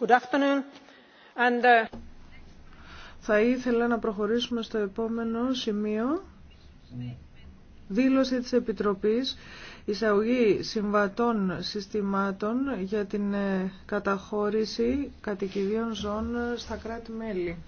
Uh, Θα ήθελα να προχωρήσουμε στο επόμενο σημείο. Δήλωση της Επιτροπής Εισαγωγή Συμβατών Συστημάτων για την ε, καταχώρηση κατοικιδίων Ζών στα κράτη-μέλη.